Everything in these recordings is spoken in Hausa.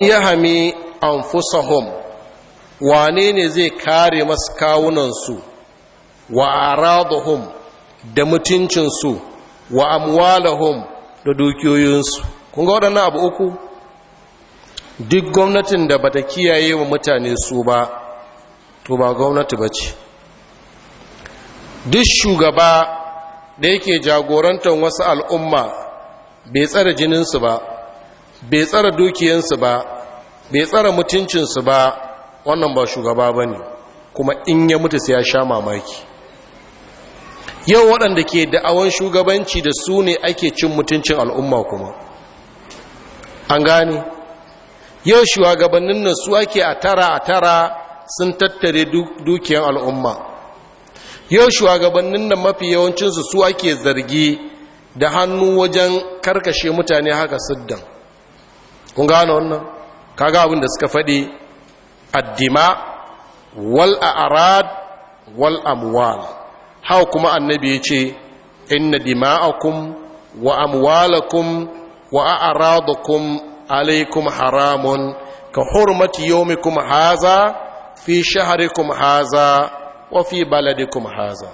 yahami anfusahum wane ne zai kare masu kawunansu wa aradahum da mutuncinsu wa amwalahum da dukiyoyinsu kun ga waɗannan abu uku duk gwamnatin da bata kiyaye wa mutane su ba to ba gwamnati ba ce duk shugaba da yake jagorantar wasu al'umma bai tsara jininsu ba bai tsara dukiyansu ba bai tsara mutuncinsu ba wannan ba shugaba ba ne kuma in ya mutu sai ya sha mamaki yau waɗanda ke da'awan shugabanci da su ne ake cin mutuncin al'umma kuma an gane yau shugabannin nan su ake a tara a tara sun tattare dukiyan al'umma yau shugabannin nan mafi yawancinsu su ake zargi da hannu wajen karkashe mutane haka siddan kun gane wannan kaga abin da suka faɗi addima wal a'rad wal amwal hau kuma annabi ya ce inna dima'akum wa amwalakum wa a'radakum alaikum haramun ka hurmati yawmikum haza fi shaharikum haza wa fi baladikum haza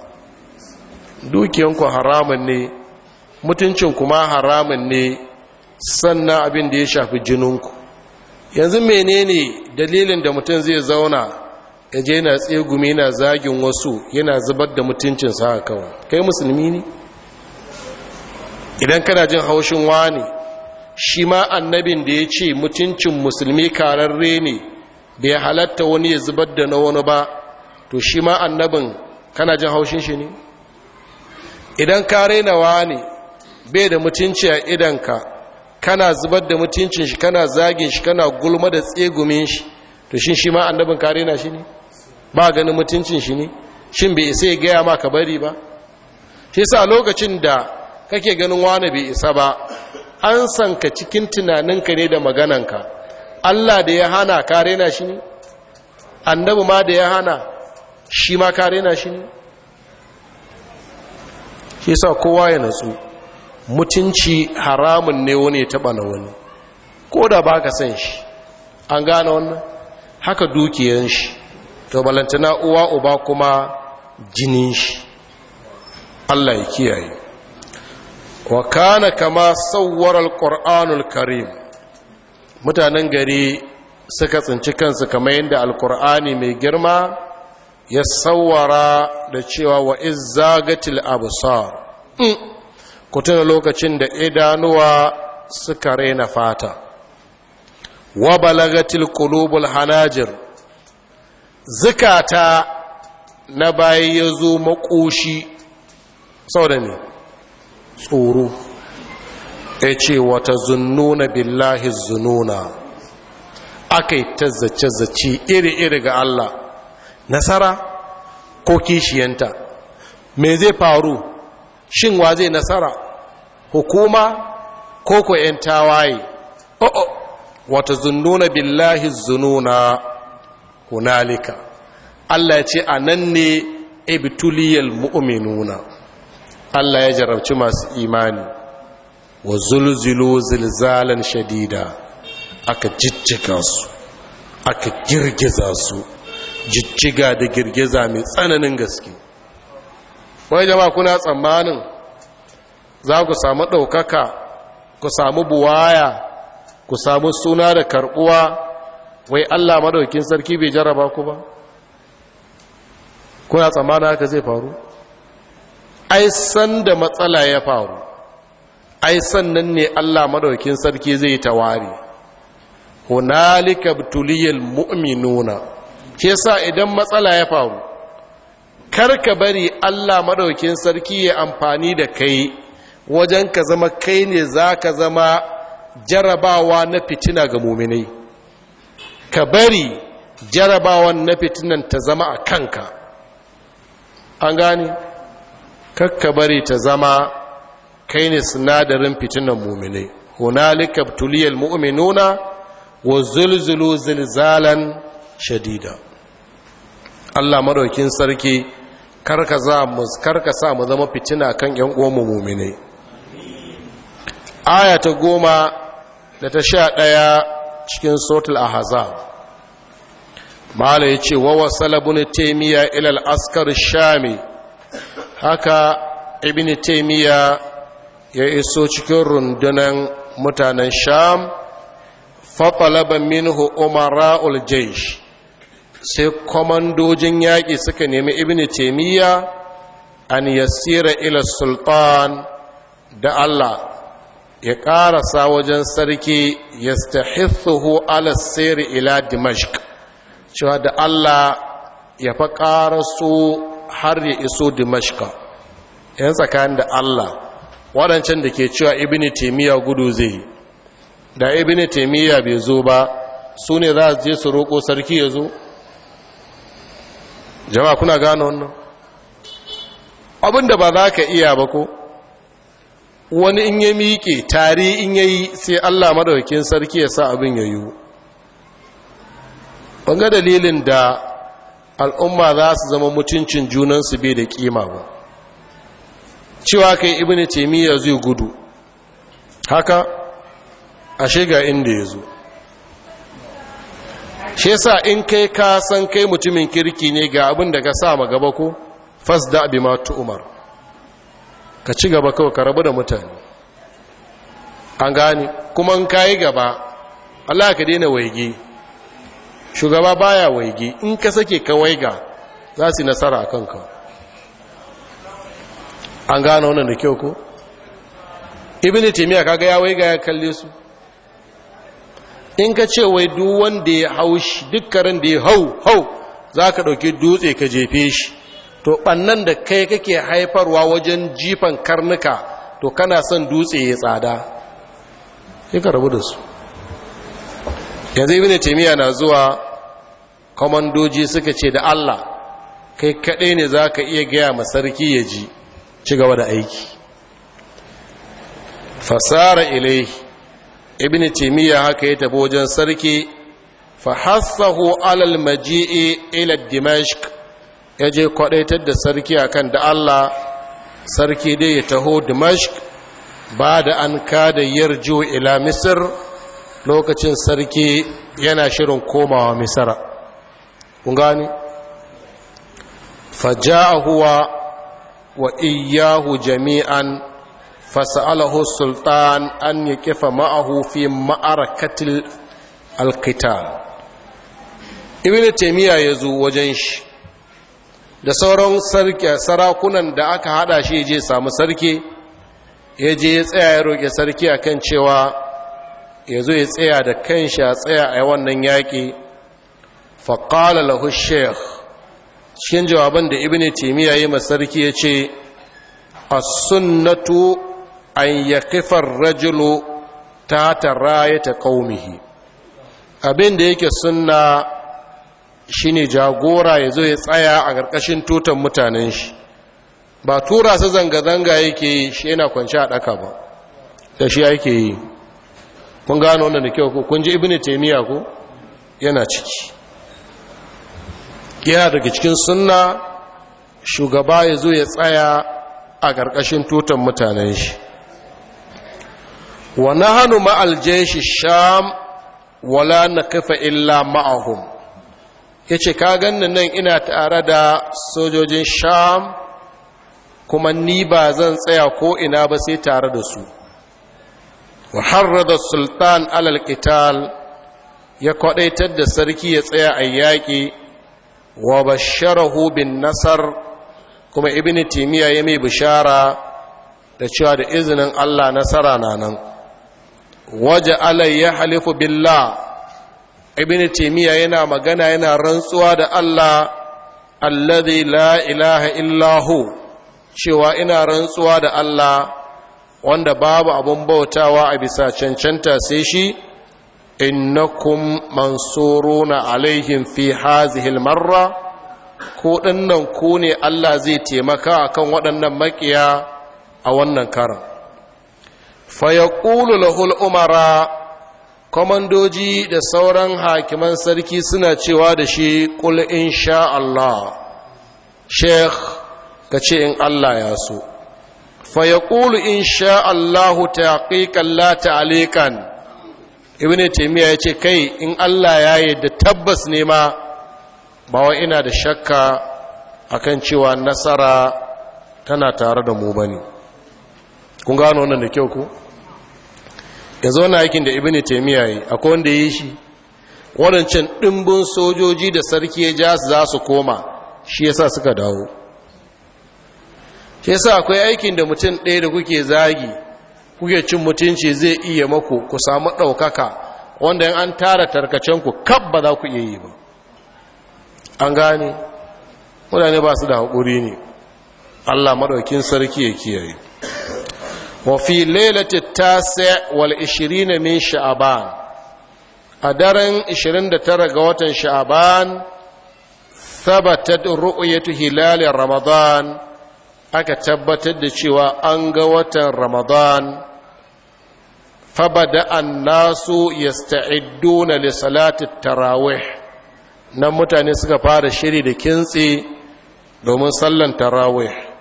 dukiyanku haramun ne mutuncin kuma haramun ne sannan abin da ya shafi jininku yanzu menene dalilin da mutum zai zauna ya je na tsegumi na zagin wasu yana zubar da mutuncinsa a kawai kai musulmi ne idan kana jin haushin wani shi ma annabin da ya ce mutuncin musulmi kararre ne bai halatta wani ya zubar da na wani ba to shi ma annabin kana jin haushin shi ne idan ka raina wani bai da mutunci a idanka kana zubar da mutuncin shi kana zagin shi kana gulma da tsegumin shi to shin shi ma annabin kare na shi ne ba ganin mutuncin shi ne shin bai isa ya gaya maka bari ba shi sa lokacin da kake ganin wani bai isa ba an sanka cikin tunaninka ne da magananka Allah da ya hana kare na shi ne annabi ma da ya hana shi ma kare na shi ne shi sa kowa ya natsu mutunci haramun ne wani ya taba na wani ko da ba ka san shi an gane wannan haka dukiyan shi to balantana uwa uba kuma jinin shi Allah ya kiyaye wa kana kama sauwarar alqur'anul karim mutanen gari suka tsinci kansu kamar yadda alqur'ani mai girma ya sauwara da cewa wa izzagatil absar mm. ku tuna lokacin da idanuwa suka raina fata wa balagatil qulubul hanajir zikata na bayan ya zo makoshi sau ne tsoro ya ce wata zununa, billahi zununa aka yi ta zace-zace iri-iri ga Allah nasara ko kishiyanta me zai faru shin wa zai nasara hukuma ko ko 'yan tawaye o'o oh, oh. wata zununa billahi zununa hunalika Allah ya ce a nan ne ibtuliyal mu'minuna Allah ya jarabci masu imani wa zulzulu zilzalan shadida aka jijjiga su aka girgiza su jijjiga da girgiza mai tsananin gaske wai jama'a kuna tsammanin za ku samu ɗaukaka ku samu buwaya ku samu suna da karɓuwa wai allah maɗaukin sarki bai jaraba ku ba kuna tsammanin haka zai faru ai san da matsala ya faru ai sannan ne allah maɗaukin sarki zai tawari hunalika tuliyal mu'minuna Ke sa idan matsala ya faru karka bari Allah maɗaukin sarki ya amfani da kai wajen ka zama kai ne za ka zama jarabawa na fitina ga muminai ka bari jarabawan na fitinan ta zama a kanka an gani kakka bari ta zama kai ne sinadarin fitinan muminai hunalika tuliyar mu'minuna wa zulzulu zilzalan shadida Allah madaukin sarki karka za mu sa mu zama fitina kan yan uwan mu muminai. aya ta goma da ta sha ɗaya cikin sotul ahazab mala ya ce wawa salabun taimiyya ilal askar shami haka ibn taimiyya ya iso cikin rundunan mutanen sham fatalaba minhu umara uljaish sai kwamandojin yaƙi suka nemi ibn taimiyya an yasira ila sultan da allah ya ƙarasa wajen sarki ya stahithu ala siri ila dimashq cewa da Allah ya fa ƙaraso har ya iso dimashq yan tsakanin da Allah waɗancan da ke cewa ibini taimiyya gudu zai da ibini taimiyya bai zo ba su ne za su je su roƙo sarki ya zo jama'a kuna gano wannan abinda ba za ka iya ba ko wani in ya miƙe tare in ya yi sai allah madaukin sarki ya sa abin ya yiwu banga dalilin da al'umma za su zama mutuncin junansu bai da kima ba cewa kai ibn taimiyya zai gudu haka a shiga inda ya zo shi sa in kai ka san kai mutumin kirki ne ga abin da ka sa ma gaba ko fasda bi ma umar ka ci gaba kawai ka rabu da mutane an gane kuma in yi gaba Allah ka daina waige shugaba baya waige in ka sake ka waiga za su nasara a kanka an gane wannan da kyau ko ibini taymiya kaga ya waiga ya kalle su in ka ce wai duk wanda ya haushi duk da ya hau hau za ka ɗauki dutse ka jefe shi to ɓannan da kai kake haifarwa wajen jifan karnuka to kana son dutse ya tsada sai ka rabu da su yanzu ne temiya na zuwa komandoji suka ce da Allah kai kaɗai ne za ka iya gaya ma sarki ya ji ci gaba da aiki fasara ilai ne temiya haka ya tafi wajen sarki fahassahu alal maji'i ila ya je kwadaitar da sarki a kan da Allah sarki dai ya taho Dimash ba da an yar yarjo ila misir lokacin sarki yana shirin komawa Misira. kun gani fajahuwa wa iyahu jami'an fasalahu sultan an ya kifa ma'ahu fi ma'arakatil da temiya ya zo wajen shi da sauran sarakunan da aka hada shi je samu sarki ya je ya tsaya ya roƙe sarki a kan cewa ya zo ya tsaya da kanshi a tsaya a wannan yaƙi faƙala lahu sheikh cikin jawaban da ibn ya yi sarki ya ce a sunnatu an ya kifar rajulu ta ta tarayata qaumihi abin da yake sunna shine jagora ya zo ya tsaya a ƙarƙashin tutan mutanen shi ba tura su zanga-zanga yake yi shi yana kwanci a ɗaka ba da shi yake yi kun gano wannan da kyau ko kun ji ibini taimiyya ko yana ciki yana daga cikin sunna shugaba ya zo ya tsaya a ƙarƙashin tutan mutanen shi wa nahanu ma'al jeshi sham wala kafa illa ma'ahum ya ce ka gannan nan ina tare da sojojin sham kuma ni ba zan tsaya ko ina ba sai tare da su da sultan alal qital ya kwadaitar da sarki ya tsaya a yaƙi wa basharahu hubin nasar kuma ibn timiya ya mai bishara da cewa da izinin allah nasara na nan waje alai ya halifu billah ibn taymiya yana magana yana rantsuwa da Allah alladhi la ilaha illa cewa ina rantsuwa da Allah wanda babu abun bautawa a bisa cancanta sai shi innakum mansuruna alaihim fi hazihi almarra ko dinnan ku ne Allah zai taimaka akan waɗannan makiya a wannan karan fa yaqulu lahul umara kwamandoji da sauran hakiman sarki suna cewa da shi kul sha Allah sheikh ka ce in Allah ya so fa ya ƙulu insha Allah taƙiƙan la ta'alikan ibn taimiyya ya ce kai in Allah ya yi da tabbas ne ma ba wa ina da shakka akan cewa nasara tana tare da mu bane kun gano wannan da kyau ko. yanzu wani aikin da ibini taimiyya yi akwai wanda ya yi shi waɗancan ɗimbin sojoji da sarki ya ja su za su koma shi yasa suka dawo shi yasa akwai aikin da mutum ɗaya da kuke zagi kuke cin mutunci zai iya mako ku samu ɗaukaka wanda yin an tara tarkacenku kab ba za ku iya yi ba an gane mutane ba su da haƙuri ne allah maɗaukin sarki ya kiyaye wa fi lailati tasi' wal 20 min sha'ban a daren tara ga watan sha'ban ثبتت رؤية هلال رمضان aka tabbatar da cewa an ga watan ramadan fabada an nasu na li salatin tarawih Na mutane suka fara shiri da kintsi domin sallar tarawih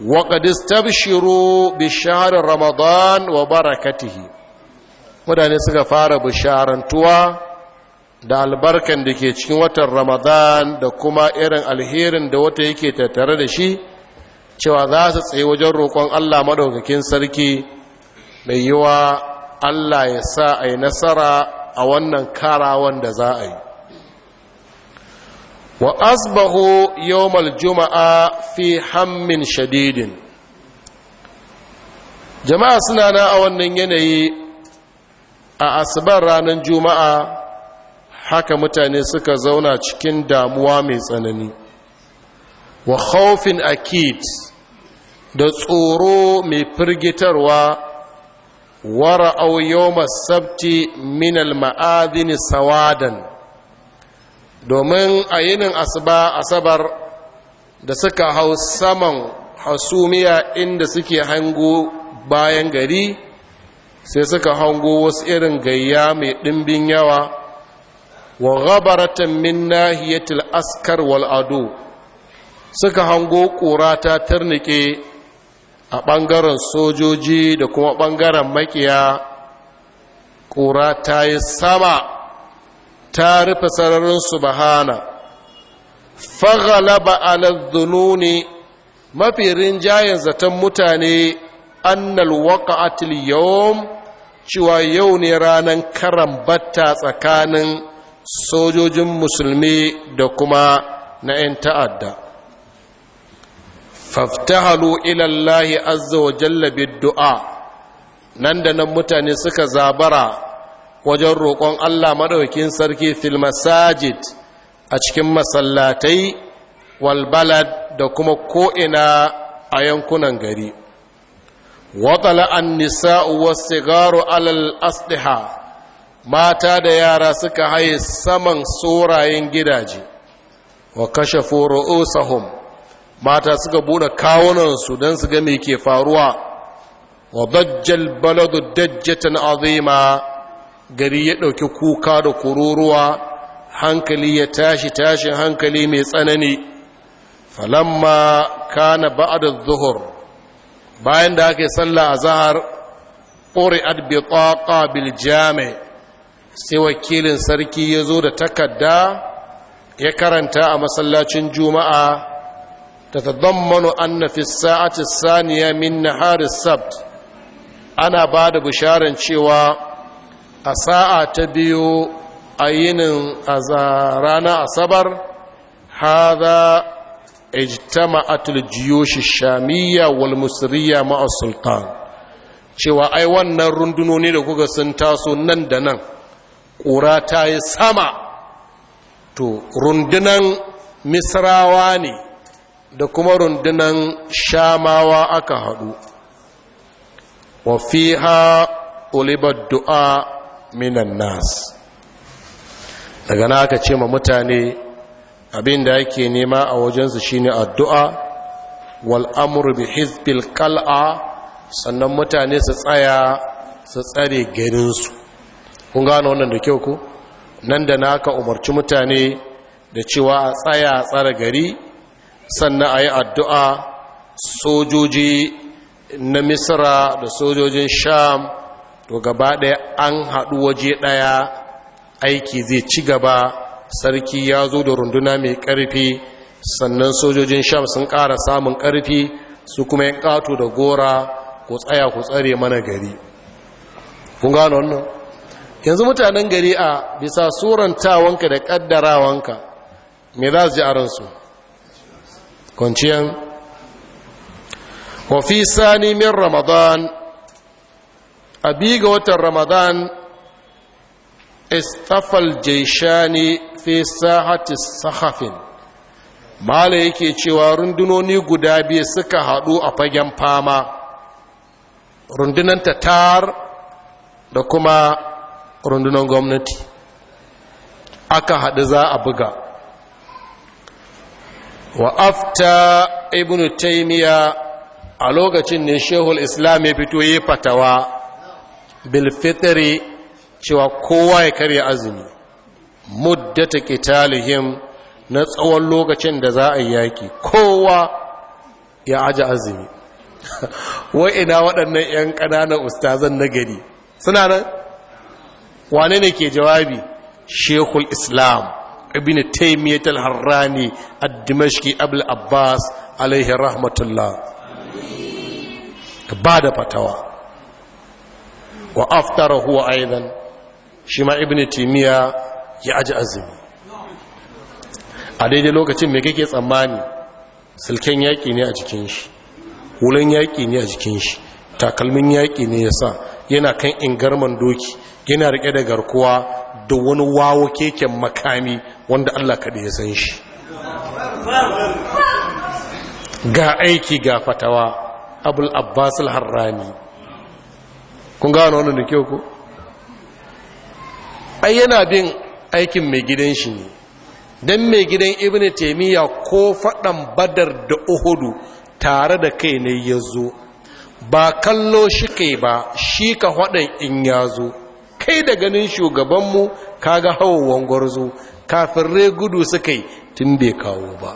وقد استبشروا بشهر رمضان وبركته mutane suka fara bisharantuwa da albarkan da ke cikin watan ramadan da kuma irin alherin da wata yake tattare da shi cewa za su tsaye wajen roƙon allah maɗaukakin sarki mai yiwa allah ya sa a yi nasara a wannan karawan da za a yi wa asbahu yawmal juma'a fi hammin shadidin jama'a suna na a wannan yanayi a asibar ranar juma'a haka mutane suka zauna cikin damuwa mai tsanani wa khawfin akid da tsoro mai firgitarwa wara'au auyoma sabti minal maadini sawadan domin a yinin asuba asabar da suka hau saman hasumiya inda suke hango bayan gari sai suka hango wasu irin gayya mai ɗimbin yawa wa gabaratan min nahiyatil askar wal ado suka hango ƙura ta tarnike a ɓangaren sojoji da kuma ɓangaren makiya ƙura ta yi sama ta rufe sararin subhana faghalaba ala dhununi mafi rinjayen zaton mutane annal waqa'atil yawm cewa yau ne ranan batta tsakanin sojojin musulmi da kuma na 'yan ta'adda faftahalu ilallahi azza wa jalla du'a nan da nan mutane suka zabara wajen roƙon Allah maɗaukin sarki fil masajid a cikin masallatai walbalad da kuma ko'ina a yankunan gari watsala an nisa'u wasu garo alal asliha mata da yara suka haye saman tsorayen gidaje wa kashe foro mata suka buɗe kawunansu don su ga mai ke faruwa wa dajjal baladu dajjatan azima gari ya ɗauki kuka da kururuwa hankali ya tashi tashin hankali mai tsanani falamma kana ba'da zuhur bayan da ake yi sallah a zahar ƙuri'ad bi bil jami sai wakilin sarki ya zo da takarda ya karanta a masallacin juma'a ta tadammanu anna fi sa'ati saniya min na sabt ana ba da bisharan cewa a sa'a ta biyu a yinin a rana asabar haza ijtama atul jiyoshi shamiyya wal musriya ma'a sultan cewa ai wannan rundunoni da kuka sun taso nan da nan ƙura ta yi sama to rundunan misrawa ne da kuma rundunan shamawa aka haɗu wa fiha ulibar du'a minan nas daga na aka ce ma mutane abin da yake nema a wajensu shine addu'a wal amru bi hizbil qal'a sannan mutane su tsaya su tsare garinsu kun gano wannan da kyau ku nan da naka umarci mutane da cewa a tsaya a tsare gari sannan a yi addu'a sojoji na misra da sojojin sham to gaba ɗaya an haɗu waje ɗaya aiki zai ci gaba sarki ya zo da runduna mai ƙarfi sannan sojojin sham sun ƙara samun ƙarfi su kuma yin ƙato da gora ku tsaya ku tsare mana gari kun gano yanzu mutanen gari a bisa surantawanka da ƙaddarawanka me za su ji a ransu kwanciyan wafi sani min ramadan a ga watan ramadan istafal jaishani fi sahati sahafin mala yake cewa rundunoni guda biyu suka haɗu a fagen fama rundunan tatar da kuma rundunan gwamnati aka haɗu za a buga wa afta ibn taimiya a lokacin ne shehul islam ya fito yi fatawa bilfitari cewa kowa ya karya azumi muddata qitalihim na tsawon lokacin da za a yi yaki kowa ya aji azumi ina waɗannan 'yan ƙananan ustazan na gari suna nan wane ne ke jawabi shekul islam ibn taimiyyat harrani ad-dimashqi abul abbas alaihi rahmatullah ba da fatawa wa aftara huwa aidan shi ma ibn timiya ya aji azumi a daidai lokacin mai kake tsammani silken yaƙi ne a jikin shi wulan yaƙi ne a jikin shi takalmin yaƙi ne ya sa yana kan ingarman doki yana riƙe da garkuwa da wani wawo keken makami wanda allah kaɗe ya san shi ga aiki ga fatawa abul abbas al-harrani kun gano wannan da kyau ko ai yana bin aikin mai gidan shi ne don mai gidan ibn taimiyya ko faɗan badar da uhudu tare da kai ne ya zo ba kallo shi kai ba shi ka haɗa in ya zo kai da ganin shugabanmu kaga hawan gwarzo kafin gudu suka yi tun bai kawo ba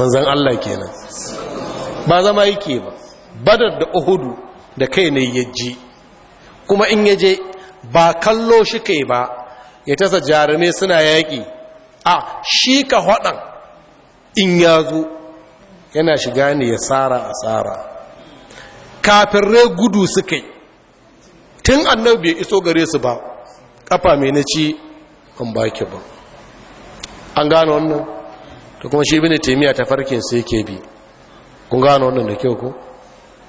manzan Allah kenan ba zama yake ba badar da uhudu da kai ne ya ji kuma in ya je ba kallo shi kai ba ya tasa jarumai suna yaƙi a shi ka haɗan in ya zo yana shiga ne ya tsara a tsara kafin gudu suka yi tun annabi bai iso gare su ba ƙafa mai na ci an baki ba an gano wannan Ta kuma shi bi ne taimiyya ta farkin sai ke bi kun gano wannan da kyau ko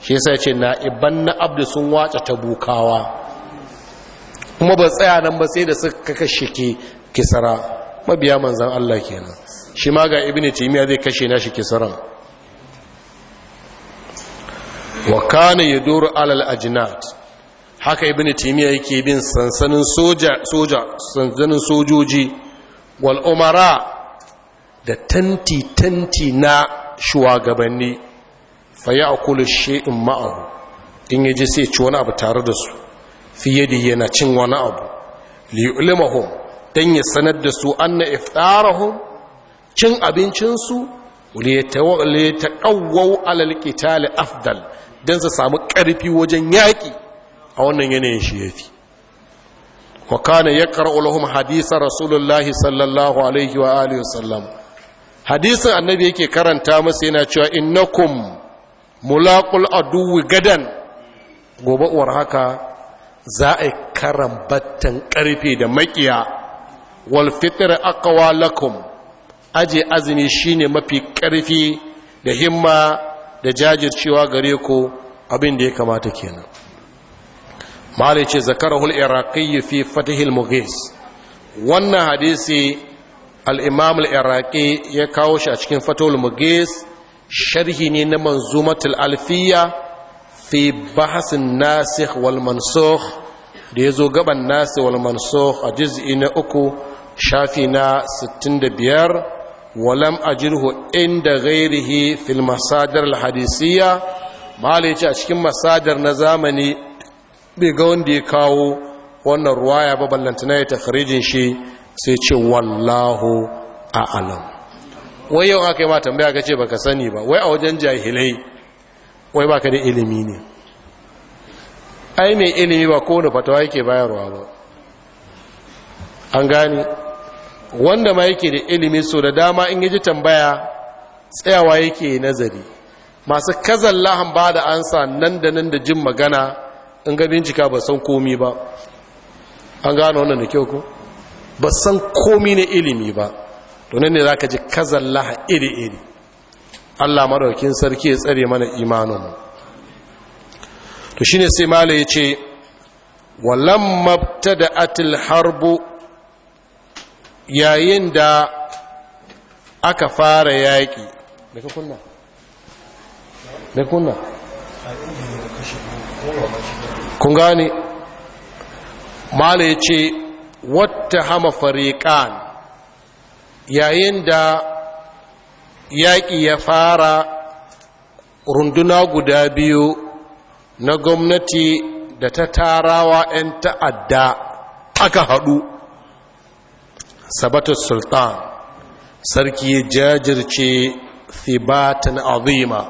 shi sai ce na iban na abdu sun watsa ta bukawa kuma ba tsaya nan ba sai da suka kashe ke kisara mabiya manzan Allah kenan shi ma ga ibn timiya zai kashe na shi kisaran wa kana yaduru alal ajnat haka ibn timiya yake bin sansanin soja soja sansanin sojoji wal umara da tanti tanti na shugabanni fa ya akulu shay'in ma'ahu in ji sai ci wani abu tare da su Fiye da yana cin wani abu li don dan ya sanar da su anna iftarahum cin abincin su ta ƙawau afdal dan su samu ƙarfi wajen yaƙi a wannan yanayin shi fi wa kana yaqra'u lahum hadisa rasulullahi sallallahu alaihi wa alihi wasallam hadisin annabi yake karanta masa yana cewa innakum mulaqul aduwi gadan gobe uwar haka za a yi karan battan karfe da maƙiya, wal fitr aqwa lakum aje azumi shine mafi ƙarfi da himma da jajircewa gare ku abin da ya kamata kenan malai ce zakarahul iraqi fi fatihil mughis wannan hadisi al-imam al-iraqi ya kawo shi a cikin fatihul mughis sharhi ne na manzumatul alfiya fi bahasin nasikh wal mansukh da yazo gaban nasikh wal mansukh a juz'i na uku shafi na 65 walam ajirhu inda ghairihi fil masadar al hadisiyya malai yace a cikin masadar na zamani bai ga wanda ya kawo wannan ruwaya ba ballantana ya takharijin shi sai ce wallahu a'lam wai yau aka yi ma tambaya ka ce ba ka sani ba wai a wajen jahilai wai baka da ilimi ne ai mai ilimi ba kowane fatawa yake bayarwa ba an gane wanda ma yake da ilimi so da dama in ji tambaya tsayawa yake nazari masu kazan lahan ba da ansa nan da nan da jin magana in ga bincika ba san komi ba an gane wannan da kyau ko ba san komi na ilimi ba to nan ne zaka ji kazallaha iri iri Allah madaukin sarki ya tsare mana imanin mu to shine sai mala ce, walamma btada'atil harbu yayin da aka fara yaki da ka kunna da kunna kun gane mala ce, wata hama fariqan yayin da yaƙi ya fara runduna guda biyu na gwamnati da ta tarawa 'yan ta'adda aka haɗu sabatar sultan sarki jajirce Fibatan azima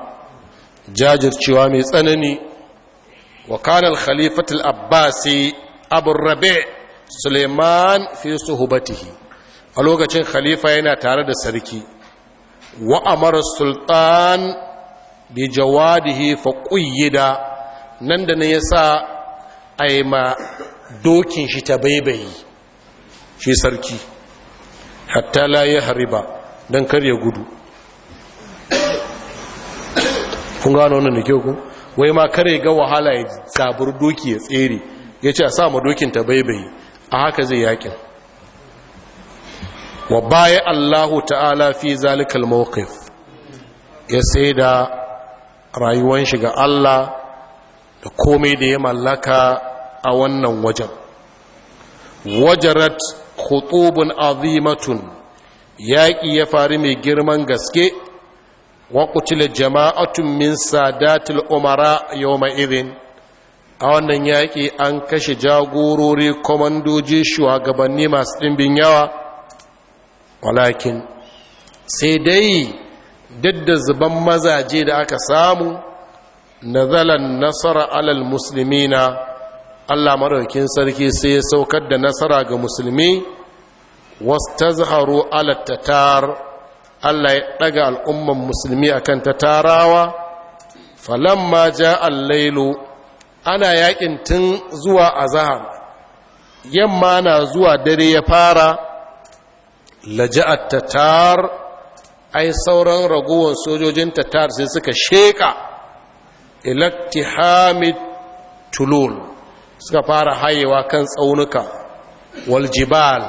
jajircewa mai tsanani wa khalifatul abbasi abu rabe suleiman fi suhubatihi a lokacin khalifa yana tare da sarki wa amara sultan bi jawadihi fa quyida nan da ne yasa aima dokin shi ta baibayi shi sarki hatta la ya hariba dan kar ya gudu kun gano wannan da kyau ku wai ma kare ga wahala ya sabur doki ya tsere ya ce a sa ma dokin ta baibayi a haka zai yakin wa baya allahu ta'ala ذلك الموقف يا ya sai da rayuwan ga allah da komai da ya mallaka a wannan wajen wajarat khutubun azimatun yaƙi ya fari mai girman gaske wa kutila jama'atun min sadatul umara yawma idin a wannan yaƙi an kashe jagorori komandoji shugabanni masu ɗimbin yawa walakin sai dai duk da zuban mazaje da aka samu nazalan nasara alal na Allah maraukin sarki sai ya saukar da nasara ga musulmi wasu alal ta tar, Allah ya ɗaga al'umman musulmi akan Falon ma ja al ana yakin tun zuwa a zahar, yamma na zuwa dare ya fara laja'at tatar ai sauran ragowar sojojin tatar sai suka sheka ilaktihamid tulul suka fara hayewa kan tsaunuka waljibal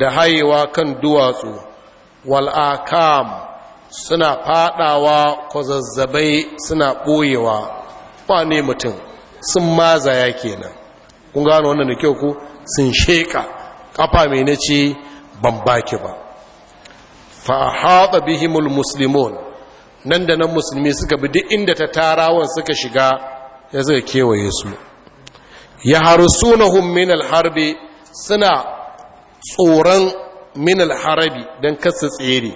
da hayewa kan duwatsu wal'akam suna fadawa kwazazzabai suna ɓoyewa ne mutum sun mazaya kenan kun gano wannan da kyau ku sun sheka kafa mai na ce ban baki ba fa haɗa bihimul muslimun nan da nan musulmi suka bi duk inda ta tarawan suka shiga ya zai kewaye su ya sunahun min harbi suna tsoron min harbi don kasu tsere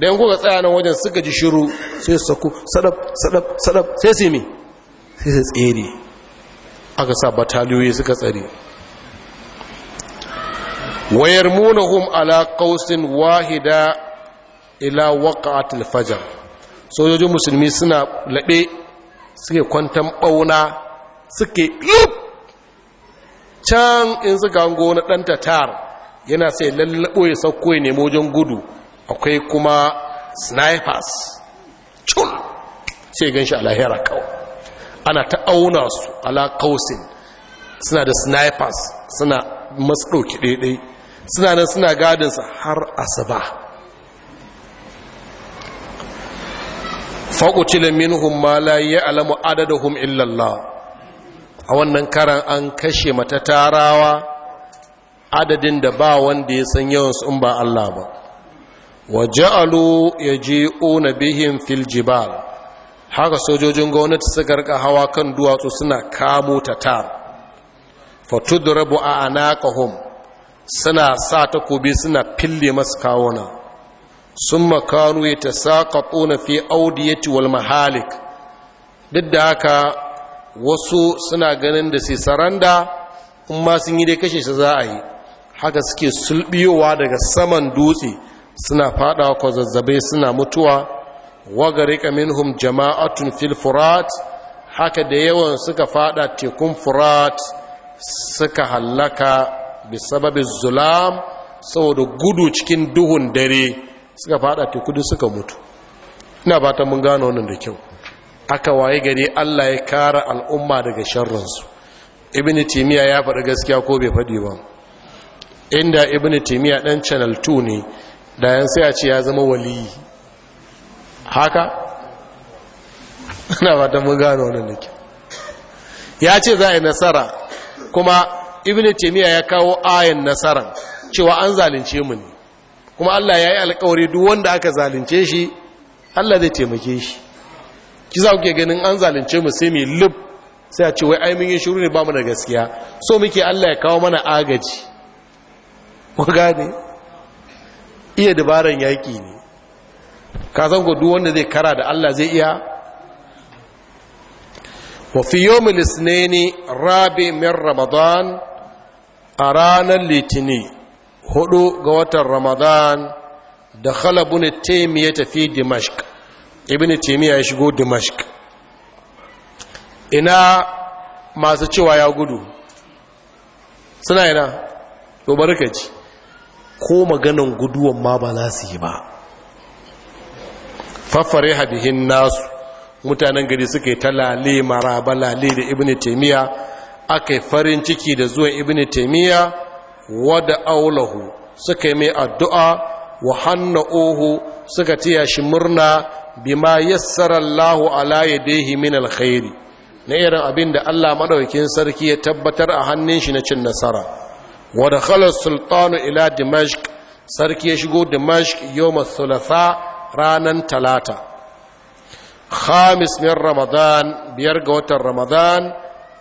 don kuka tsaya nan wajen suka ji shiru sai saku sadab sadab sadab sai su yi sai su tsere aka sa bataliyoyi suka tsare wayar munahum ala qausin wahida ila waqa'atil fajr sojojin musulmi suna laɓe suke kwantan ɓauna suke can in suka hango na ɗan tatar yana sai lallaɓo ya sauko ya nemo wajen gudu akwai kuma snipers cun sai gan a lahira kawo. ana ta auna su ala kausin suna da snipers suna masu ɗauki ɗaiɗai suna nan suna gadinsa har asuba faƙucilin minhum ma la ya'lamu adadahum illallah a wannan karan an kashe mata tarawa adadin da ba wanda ya san yawansu in ba Allah ba wa ja'alu yaji'una bihim fil jibal haka sojojin gwamnati suka rika hawa kan duwatsu suna kamo ta tatar fatudrabu a anaqahum suna sa takobi suna fille masu kawuna sun makanu ya ta na fi audiyati wal mahalik duk da haka wasu suna ganin da sai saranda in ma sun yi dai kashe shi za a yi haka suke sulbiyowa daga saman dutse suna ko kwazazzabe suna mutuwa wagarika minhum jama'atun fil furat haka da yawan suka faɗa tekun furat suka hallaka bisababi zulam saboda gudu cikin duhun dare suka fada teku kudu suka mutu ina ba ta mun gano wannan da kyau aka waye gari Allah ya kara al'umma daga sharransu ibnu timiya ya faɗi gaskiya ko bai faɗi ba inda ibnu timiya dan channel 2 ne da yan sai a ce ya zama wali haka ina ba ta mun gano wannan da kyau ya ce za a yi nasara kuma ibn taymiya ya kawo ayan nasaran cewa an zalunce mu ne kuma Allah ya yi alkawari duk wanda aka zalunce shi Allah zai taimake shi ki kuke ganin an zalunce mu sai mu lub sai a ce wai ai mun yi shiru ne ba mu da gaskiya so muke Allah ya kawo mana agaji mu gane iya dabaran yaki ne ka san ko duk wanda zai kara da Allah zai iya wa fi yawmil rabi min ramadan a ranar litini hudu ga watan ramadan da khalabu ne taimiyya tafi dimashq ibn taimiyya ya shigo dimashq ina masu cewa ya gudu suna ina rubarkaci ko maganan guduwan ma ba za su yi ba faffare habihin nasu mutanen gari suke ta lale maraba da ibn taimiyya aka yi farin ciki da zuwa ibn taimiyya wada aulahu suka yi mai addu'a wa hannu ohu suka tiya shi murna bima Yassarallahu Allahu ala yadayhi min alkhairi na irin abin da Allah maɗaukin sarki ya tabbatar a hannun shi na cin nasara wa dakhala sultanu ila dimashq sarki ya shigo dimashq yau thulatha ranan talata khamis min ramadan biyar ga watan ramadan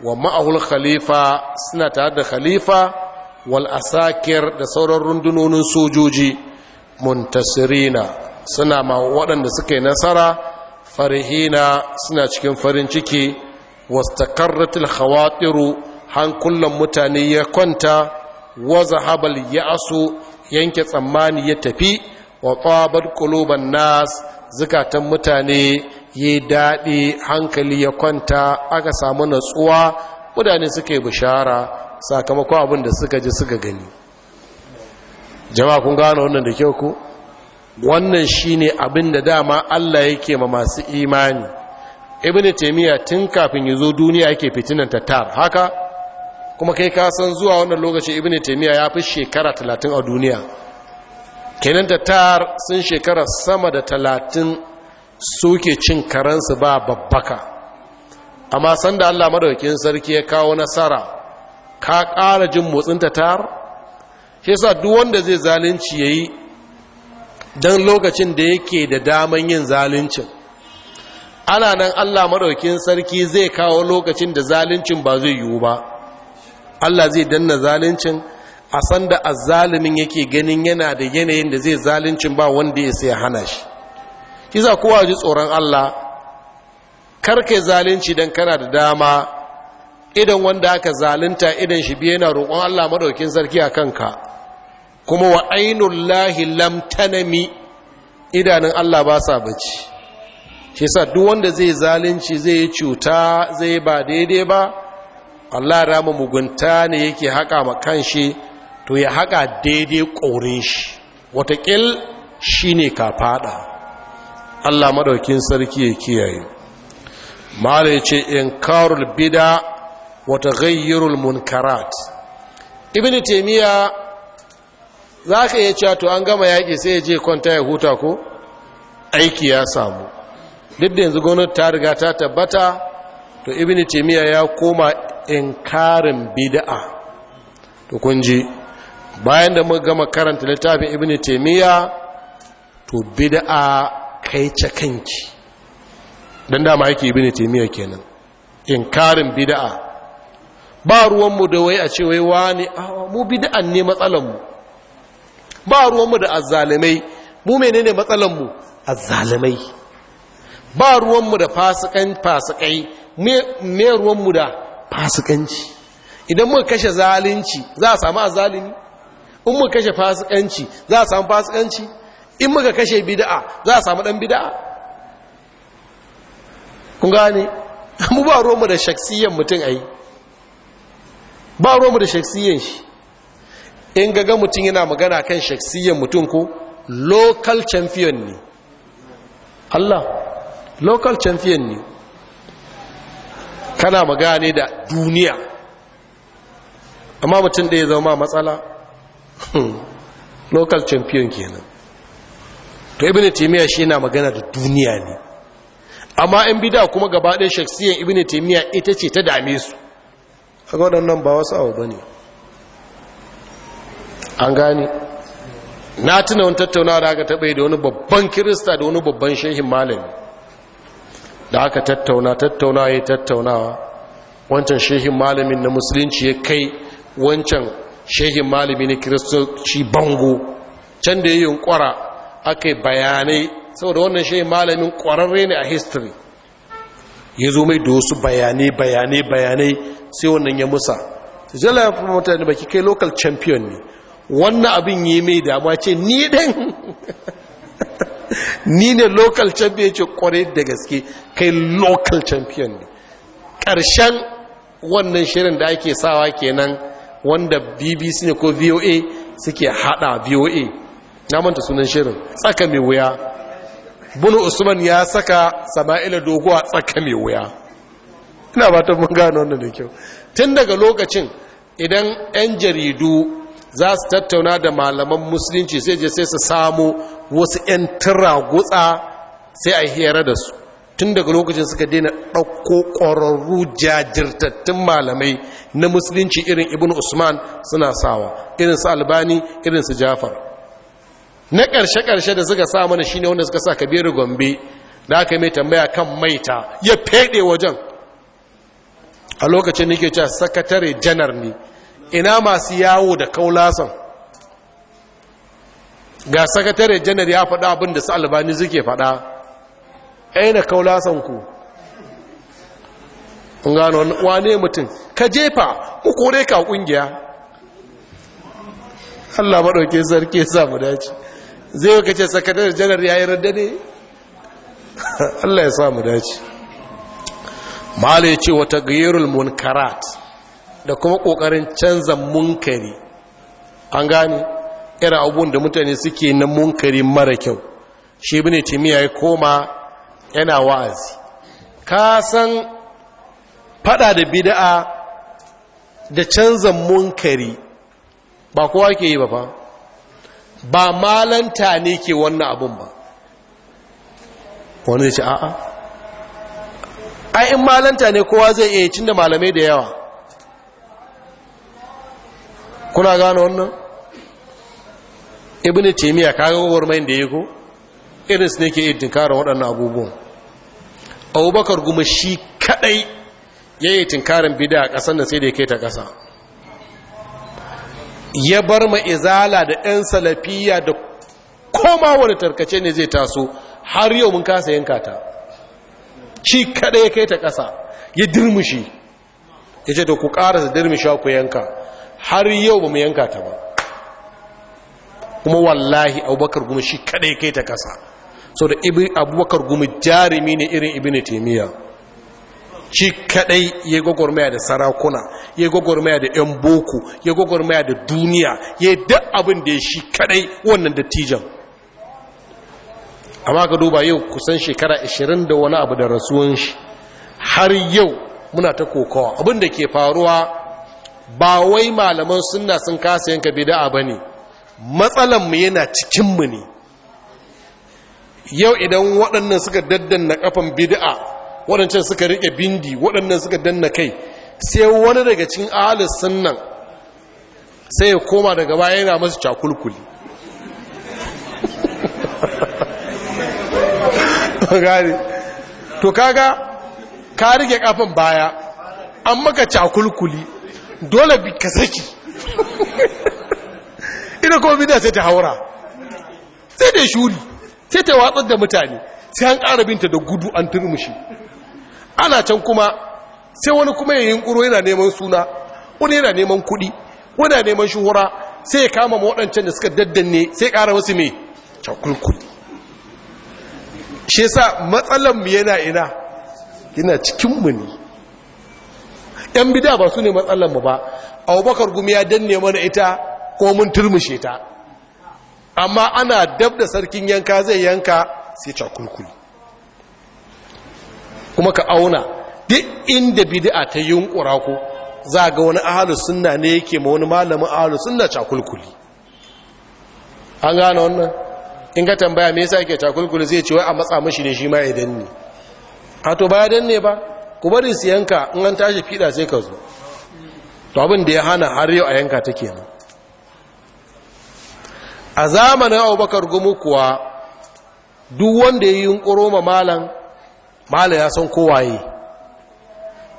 wa ma'ahul khalifa suna tare da khalifa wal asakir da sauran rundunonin sojoji muntasirina suna ma waɗanda suka yi nasara farihina suna cikin farin ciki wastakarratul khawatiru hankulan mutane ya kwanta wa ya asu yanke tsammani ya tafi wa tsabar quluban nas zukatan mutane yi daɗi hankali ya kwanta aka samu natsuwa mutane suka yi bishara sakamakon abin da suka ji suka gani jama'a kun gano wannan da kyau ku wannan shine abin da dama Allah yake ma masu imani ibini taymiya tun kafin ya zo duniya yake fitinan tattar haka kuma kai ka san zuwa wannan lokaci ibini taymiya ya fi shekara talatin a duniya kenan tattar sun shekara sama da talatin. suke cin karansu ba babbaka amma sanda Allah madaukin sarki ya kawo nasara ka ƙara jin motsin ta tar shi yasa duk wanda zai zalunci yayi dan lokacin da yake da daman yin zaluncin ana nan Allah madaukin sarki zai kawo lokacin da zaluncin ba zai yiwu ba Allah zai danna zaluncin a sanda azzalimin yake ganin yana da yanayin da zai zaluncin ba wanda ya sai hana shi kisa kowa ji tsoron Allah karkai zalunci dan kana da dama idan wanda aka zalunta idan shi biye na roƙon Allah maɗaukin sarki a kanka kuma wa ainihin lahi lamtanami idanun Allah ba sa bacci shi sa duk wanda zai zalunci zai yi cuta zai ba daidai ba Allah rama mugunta ne yake haƙa ma kan shi to ya haƙa daidai ƙorin shi Wataƙil shi ne ka fada Allah madaukin sarki ya kiyaye mala yace karul bid'a wa taghayyurul munkarat ibnu taymiya zaka iya cewa to an gama yaki sai ya je kwanta ya huta ko aiki ya samu duk da yanzu gwamnati ta riga ta tabbata to ibnu taymiya ya koma karin bid'a to kun ji bayan da muka gama karanta littafin ibnu taymiya to bid'a kai kanki don dama yake ibi ne taimiyya kenan inkarin bida'a ba ruwanmu da wai a ce wai wani mu bida'an ne matsalanmu ba ruwanmu da azzalimai mu ne matsalanmu azzalimai ba ruwanmu da fasikan fasikai me ruwanmu da fasikanci idan mu kashe zalunci za a samu azzalimi in mu kashe fasikanci za a samu fasikanci in muka kashe bida'a za a samu dan bida'a kun gane mu ba romu da shaksiyan mutum ai ba romu da shaksiyan shi in gaga mutum yana magana kan shaksiyan mutum ko local champion ne Allah local champion ne kana magane da duniya amma mutum da ya zama matsala local champion kenan to ibn taymiya shi yana magana da duniya ne amma in bida kuma gaba ɗaya shaksiyan ibn taymiya ita ce ta dame su ga waɗannan ba wasu abu ne. an gane na tuna wani tattaunawa da aka taɓa da wani babban kirista da wani babban shehin malami da aka tattauna tattaunawa ya tattaunawa wancan shehin malamin na musulunci ya kai wancan shehin malami na kiristoci bango can da ya yi aka yi bayanai saboda wannan shi malamin kwararre ne a history ya zo mai da wasu bayanai bayanai bayanai sai wannan ya musa su jala ya fi mutane baki kai local champion ne wannan abin yi mai dama ce ni ɗin ni ne local champion ce kwarai da gaske kai local champion ne ƙarshen wannan shirin da ake sawa kenan wanda bbc ne ko voa suke hada voa na manta sunan shirin tsaka mai wuya bunu usman ya saka sama'ila doguwa tsaka mai wuya ina ba ta mun gano wannan da kyau tun daga lokacin idan 'yan jaridu za su tattauna da malaman musulunci sai je sai su samu wasu 'yan gutsa sai a hira da su tun daga lokacin suka daina ɗauko ƙwararru jajirtattun malamai na musulunci irin ibn usman suna sawa irin su albani irin su jafar na ƙarshe-ƙarshe da suka sa mana shine wanda suka sa kabiru gombe da aka mai tambaya kan maita ya fede wajen a lokacin nike cewa sakatare janar ne ina masu yawo da kaulasan ga sakatare janar ya faɗa abin da su albani suke faɗa aina kaulasan ku gano wane mutum ka jefa ku kore ka kungiya Allah maɗauke sarki samu dace zai yi ce sakadar janar ya yi radda ne allah ya samu dace mala ya ce wata gairul munkarat da kuma kokarin canza munkari an gane irin abubuwan da mutane suke na munkari mara kyau shi bi ne timiya ya koma yana wa'azi ka san fada da bida'a da canza munkari ba kowa ke yi ba fa ba malanta ne ke wannan abun ba wani zai ce a'a ai in malanta ne kowa zai iya cin da malamai da yawa kuna gano wannan ne taimiyya kaga mai da yake irin su ne ke iddin tinkara waɗannan abubuwan abubakar gumashi shi ya yi tinkarin bid'a a ƙasar da sai da ya kai ta ƙasa. ya bar ma izala da 'yan salafiya da koma wani tarkace ne zai taso har yau mun kasa yanka ta shi kada ya kai ta ƙasa ya dirmishi ya ce da ku ƙarasa dirmisha ku yanka har yau ba mu yanka ta ba kuma wallahi abubakar gumi shi kada ya kai ta ƙasa sau da abubakar gumi jarumi ne irin ibini taimiyya shi kadai ya gwagwarmaya da sarakuna ya gwagwarmaya da 'yan boko ya gwagwarmaya da duniya ya duk abin da ya shi kadai wannan dattijan amma ka duba yau kusan shekara 20 da wani abu da rasuwan shi har yau muna ta kokawa abin da ke faruwa ba wai malaman sunna sun kasa yanka bida'a ba ne matsalanmu yana cikinmu ne yau idan waɗannan suka daddanna ƙafan bida'a waɗancan suka riƙe bindi waɗannan suka danna kai sai wani daga cikin ahalis sannan sai ya koma daga baya yana masu cakulkuli to kaga ka riƙe kafin baya an maka cakulkuli dole bi ka saki ina kuma bida sai ta haura sai ta shuri sai ta watsar da mutane sai an ƙara binta da gudu an turmushi ana can kuma sai wani kuma ya yunkuro yana neman suna wani yana neman kuɗi wani yana neman shuhura sai ya kama waɗancan da suka daddanne sai ƙara wasu mai cakulkul shi yasa matsalanmu yana ina yana cikinmu ne ɗan bida ba su ne matsalanmu ba abubakar gumi ya danne mana ita ko mun turmushe ta amma ana dab da sarkin yanka zai yanka sai cakulkul. kuma ka auna duk inda bid'a ta yunkura ko za ga wani ahlus sunna ne yake ma wani malamin ahlus sunna cakulkuli an gane wannan in ka tambaya me yasa yake cakulkuli zai ce wai a matsa mishi ne shi ma ya ne. a to ba ya danne ba ku bari su yanka in an tashi fida sai ka zo to abin da ya hana har yau a yanka ta kenan a zamanin abubakar gumu kuwa duk wanda ya yi yunkuro ma malam mala ya san kowaye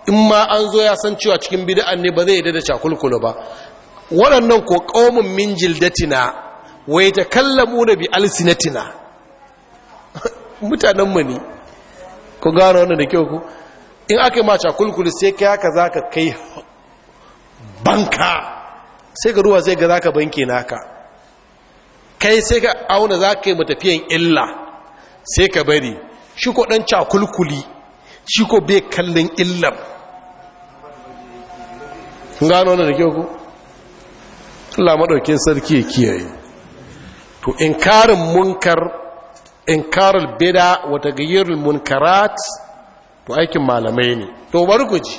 in ma an zo ya san cewa cikin bid'an ne ba zai yadda da cakulkulu ba waɗannan ko qaumun min jildatina wa mu da bi alsinatina mutanen mu ne ku gano wannan da kyau ku in aka yi ma cakulkulu sai ka yaka haka ka kai banka sai ka ruwa sai ga za ka banki naka kai sai ka auna za ka yi matafiyan illa sai ka bari shi ko ɗan cakulkuli shi ko bai kallon illar gano wanda da ke ku? tula maɗaukin sarki ya kiyaye to in karin munkar in karin bida wata gayyarin munkarat to aikin malamai ne to bari ku ji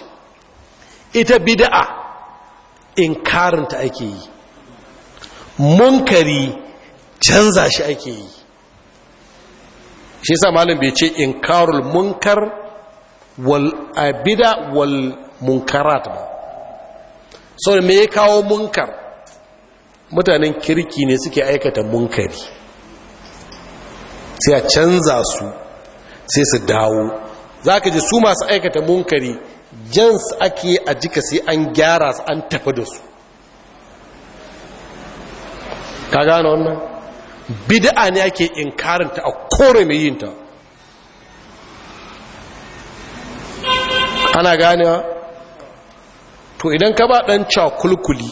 ita bida'a ta ake yi munkari canza shi ake yi shi sa malam bai ce in karul munkar wal abida wal munkarat ba so me ya kawo munkar mutanen kirki ne suke aikata munkari sai a canza su sai su dawo za ka ji su masu aikata munkari jans ake a jika sai an gyara su an tafi da su ka gane wannan bid'a ne ake inkarinta a kore mai yinta ana ganewa to idan ka ba dan cakulkuli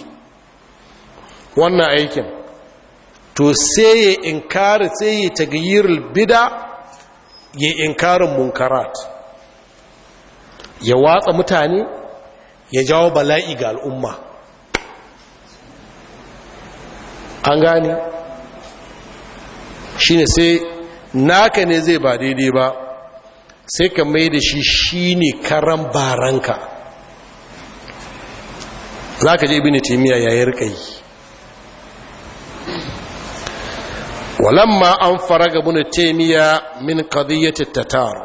wannan aikin to sai ya inkari sai ya tagayyar bida ya inkarin munkarat ya watsa mutane ya jawo bala'i ga al'umma an gane Shin sai naka ne zai ba daidai ba sai ka mai da shi shi ne karan baranka za ka je bini timiya yi rikai walamma an fara ga bini timiya min qadiyyati tatar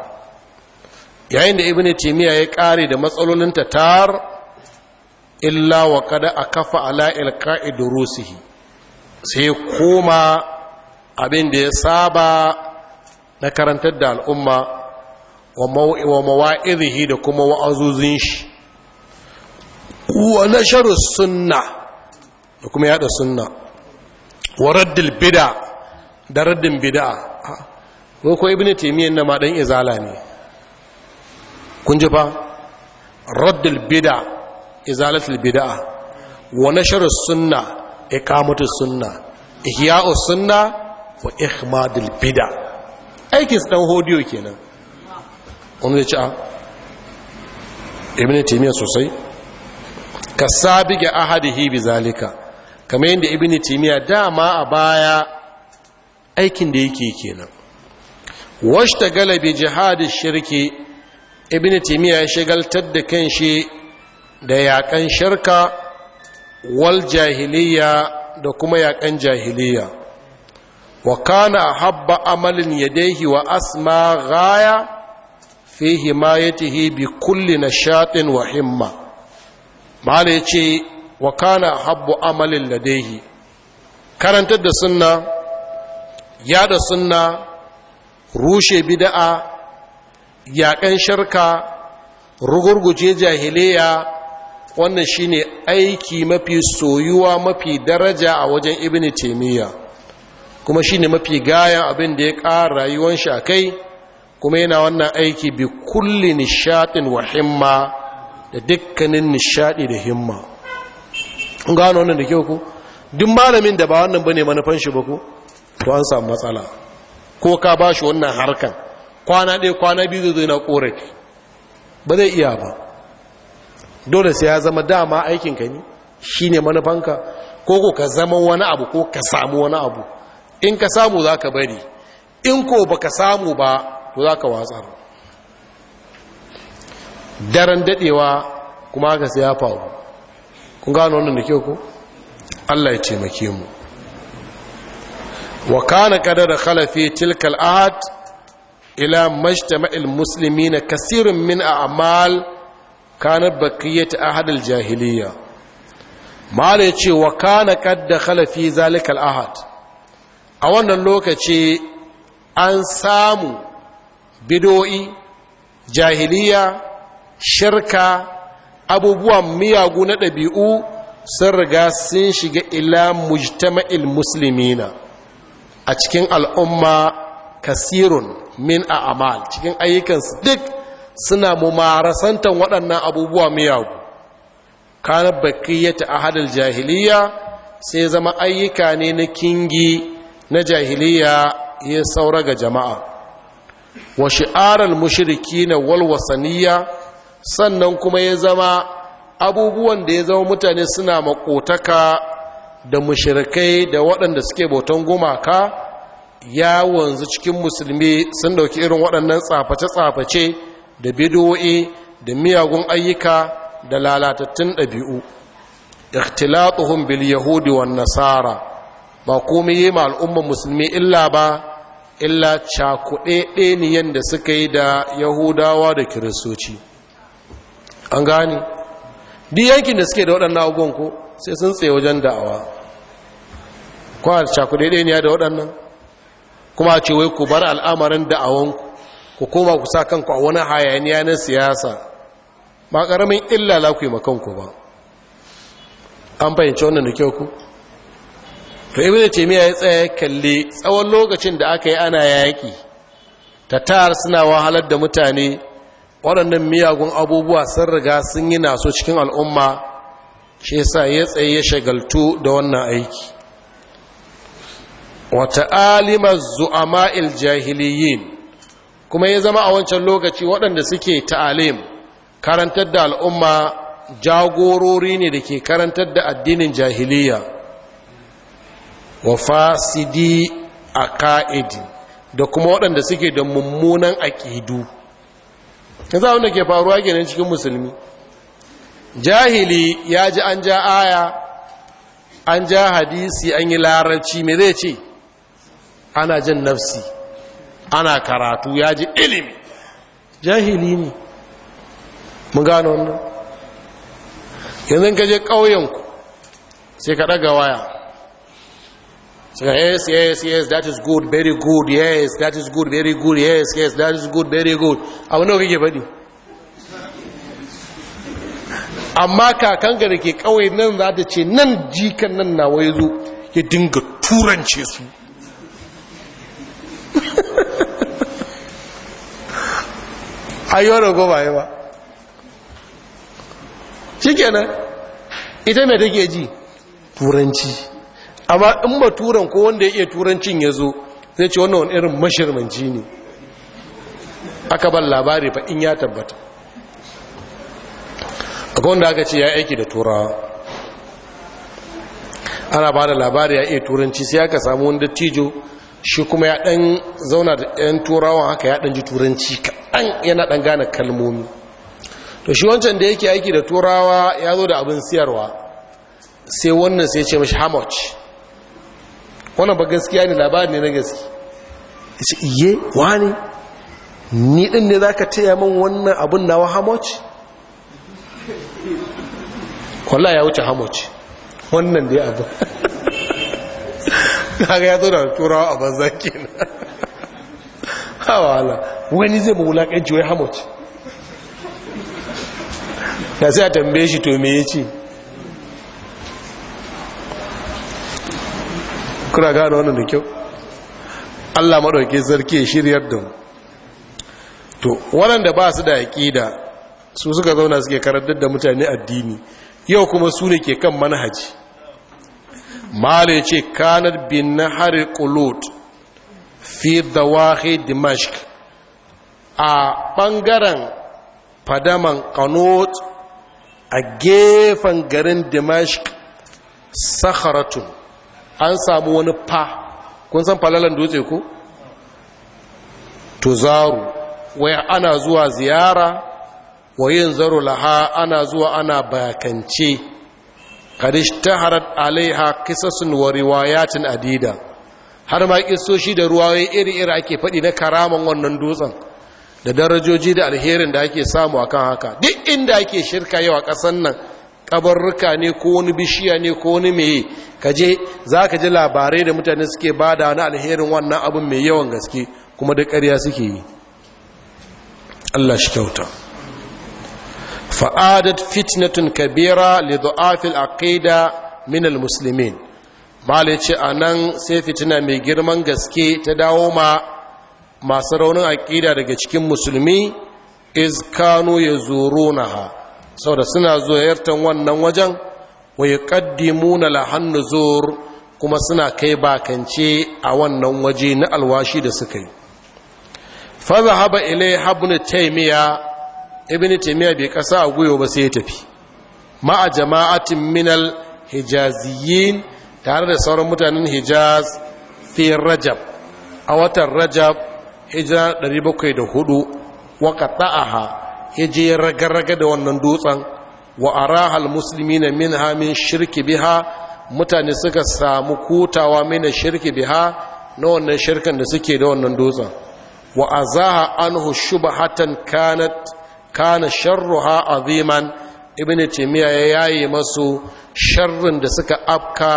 yayin da ibini timiya ya kare da matsalolin tatar illa wa kada a kafa ala ilka'i durusihi sai koma abin da ya saba na karantar da al'umma wa mawa'irihi da kuma wa'azuzin shi wa nasharu sunna da kuma yada sunna wa raddil bida da raddin bida ko ko Ibn taymiyyah nan ma izala ne kun ji fa raddil bida izalatul bid'a wa nasharu sunna ikamutu sunna ihya'us sunna wa ihmadul bida aikin su dan hodiyo kenan wani zai ci a ibini sosai ka sabiga ahadihi bi zalika kamar yadda ibini dama a baya aikin da yake kenan ta galabi jihadi shirki ibini ya shagaltar da kan shi da yakan shirka wal jahiliya da kuma yakan jahiliya wa kana habba amalin yadaihi wa asma gaya fi himayatihi bi kulli nashatin wa himma mala yace wa kana habbu amalin ladaihi karantar da sunna yaɗa sunna rushe bid'a yaƙan sharka, rugurguje jahiliya wannan shine aiki mafi soyuwa mafi daraja a wajen ibn taimiyya kuma shi ne mafi gayan abin da ya ƙara rayuwar shi a kai kuma yana wannan aiki bi kulli nishaɗin wa himma da dukkanin nishaɗi da himma kun gano wannan da kyau ku duk malamin da ba wannan bane manufan shi ba ku to an samu matsala ko ka ba shi wannan harkan kwana ɗaya kwana biyu zai na ƙorafi ba zai iya ba dole sai ya zama dama aikinka ne shi ne manufanka ko ko ka zama wani abu ko ka samu wani abu in ka samu za ka bari in ko baka samu ba to za ka watsar daren dadewa kuma haka sai ya faru kun gano wannan da kyau ku? Allah ya taimake mu wa kana qadara khalafi tilka ahad ila majtama'il na kasirin min a'mal kana baqiyat ahad al-jahiliyya mala yace wa kana qad dakhala fi zalika ahad a wannan lokaci an samu bidoyi jahiliya shirka abubuwan miyagu na ɗabi'u sun riga sun shiga ila mujtama'il musulmina a cikin al'umma kasirun min a amal cikin ayyukansu duk suna mumarasantan waɗannan abubuwa miyagu kanar bakiyyata a hadar jahiliya sai zama ayyuka ne na kingi na jahiliya ya saura ga jama'a wa shi'arar mushiriki na walwasaniya sannan kuma ya zama abubuwan da ya zama mutane suna makotaka da mushirikai da waɗanda suke bautan gumaka ya wanzu cikin musulmi sun ɗauki irin waɗannan tsaface-tsaface da bidoyi da miyagun ayyuka da lalatattun ɗabi'u ikhtilatuhum bil yahudi wan nasara ba komai yi ma al'umman musulmi illa ba illa cakuɗe ɗeniyan da suka yi da yahudawa da kiristoci an gani duk yankin da suke da waɗannan abubuwan ko sai sun tsaye wajen da'awa kuma cakuɗe ɗeniya da waɗannan kuma ce wai ku bar al'amarin da'awanku ku koma ku sa kanku a wani hayaniya na siyasa ba ƙaramin illa la ku yi makonku ba an fahimci wannan da kyau ku to ibn taymiya ya tsaya kalle tsawon lokacin da aka yi ana yaki tatar suna wahalar da mutane waɗannan miyagun abubuwa sun riga sun yi naso cikin al'umma shi yasa ya tsaye ya shagaltu da wannan aiki wata alimar zu'ama'il jahiliyin kuma ya zama a wancan lokaci waɗanda suke ta'alim karantar da al'umma jagorori ne da ke karantar da addinin jahiliya wa fasidi a ka'idi da kuma waɗanda suke da mummunan aƙidu ta za wanda ke faruwa kenan cikin musulmi jahili ya ji an ja aya an ja hadisi an yi larabci me zai ce ana jin nafsi ana karatu ya ji ilimi jahili ne mun gano wannan yanzu ka je ƙauyenku sai ka ɗaga waya So, yes, yes, yes, that is good, very good, yes, that is good, very good, yes, yes, that is good, very good. will nawa kake faɗi? Amma kakanka da ke kawai nan za ta ce nan jikan nan na wai zo ya dinga turance su. Ayyoro goma yi ba. Shi kenan, ita mai take ji? Turanci. amma in ba turan ko wanda ya iya turancin ya zo zai ce wannan wani irin mashirmanci ne aka ban labari fa in ya tabbata akwai wanda aka ce ya aiki da turawa ana ba da labari ya iya turanci sai aka samu wanda tijo shi kuma ya dan zauna da yan turawan haka ya dan ji turanci kaɗan yana dan gane kalmomi to shi wancan da yake aiki da turawa ya zo da abin siyarwa sai wannan sai ce mashi how much wannan ba gaskiya ne labari ne na gaske ce iye wani ni din ne zaka taya min wannan abun nawa hamoch wallahi ya wuce hamoci wannan dai abu kaga ya zo da turawa a na kenan hawala wani zai mu wulakanci wai hamoci ya sai a tambaye shi to me ce kuna gano wannan da kyau allah maɗauki sarki ya shiryar da to waɗanda ba su da aƙida su suka zauna suke karantar da mutane addini yau kuma su ne ke kan manhaji mala ce kanar bin hari kulot fi dawahi dimashq a ɓangaren fadaman kanot a gefen garin dimashq sakharatun an samu wani fa kun san falalan dutse ko tuzaru waya ana zuwa ziyara wayin zaro laha ana zuwa ana bakance kadish taharat alaiha kisasun wa riwayatin adida har ma kisoshi da ruwaye iri-iri ake faɗi na karaman wannan dutsen da darajoji da alherin da ake samu akan haka duk inda ake shirka yau a ƙasar nan kabarruka ne ko wani bishiya ne ko wani mai kaje za ka ji labarai da mutane suke bada na alherin wannan abin mai yawan gaske kuma da karya suke yi Allah shi kyauta fa'adat fitnatun kabira li du'afil aqida min almuslimin malai ce nan sai fitina mai girman gaske ta dawo ma masu raunin aqida daga cikin musulmi iz kanu yazurunaha saboda suna ziyartar wannan wajen wa yuqaddimuna hannu zuwar kuma suna kai bakance a wannan waje na alwashi da suka yi fa zahaba ilai ibn taymiya ibn taymiya bai kasa a guyo ba sai ya tafi ma'a jama'atin minal hijaziyin tare da sauran mutanen hijaz fi rajab a watan rajab hijira 704 wa qata'aha ya je ya raga da wannan dutsen wa arahal musulmi na min hamin shirki biha mutane suka samu kutawa mina shirki biha na wannan shirkan da suke da wannan dutsen wa an anhu shubhatan hatan kana sharruha aziman ibnu taymiya ya yaye masu sharrin da suka afka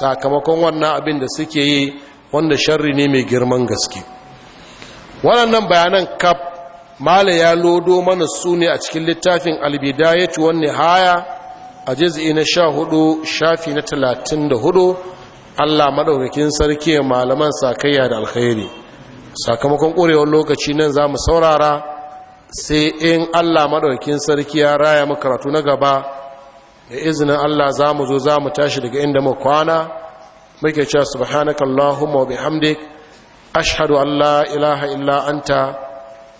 sakamakon wannan abin da suke yi wanda sharri ne mai girman gaske waɗannan bayanan kaf mala ya lodo mana su a cikin littafin albidayatu wani haya a juz'i na hudu shafi na talatin da hudu Allah maɗaukakin sarki malaman sakayya da alkhairi sakamakon ƙorewar lokaci nan za mu saurara sai in Allah maɗaukakin sarki ya raya makaratu na gaba da izinin Allah za mu zo za mu tashi daga inda mu kwana muke cewa subhanakallahumma wa bihamdik ashhadu an la ilaha illa anta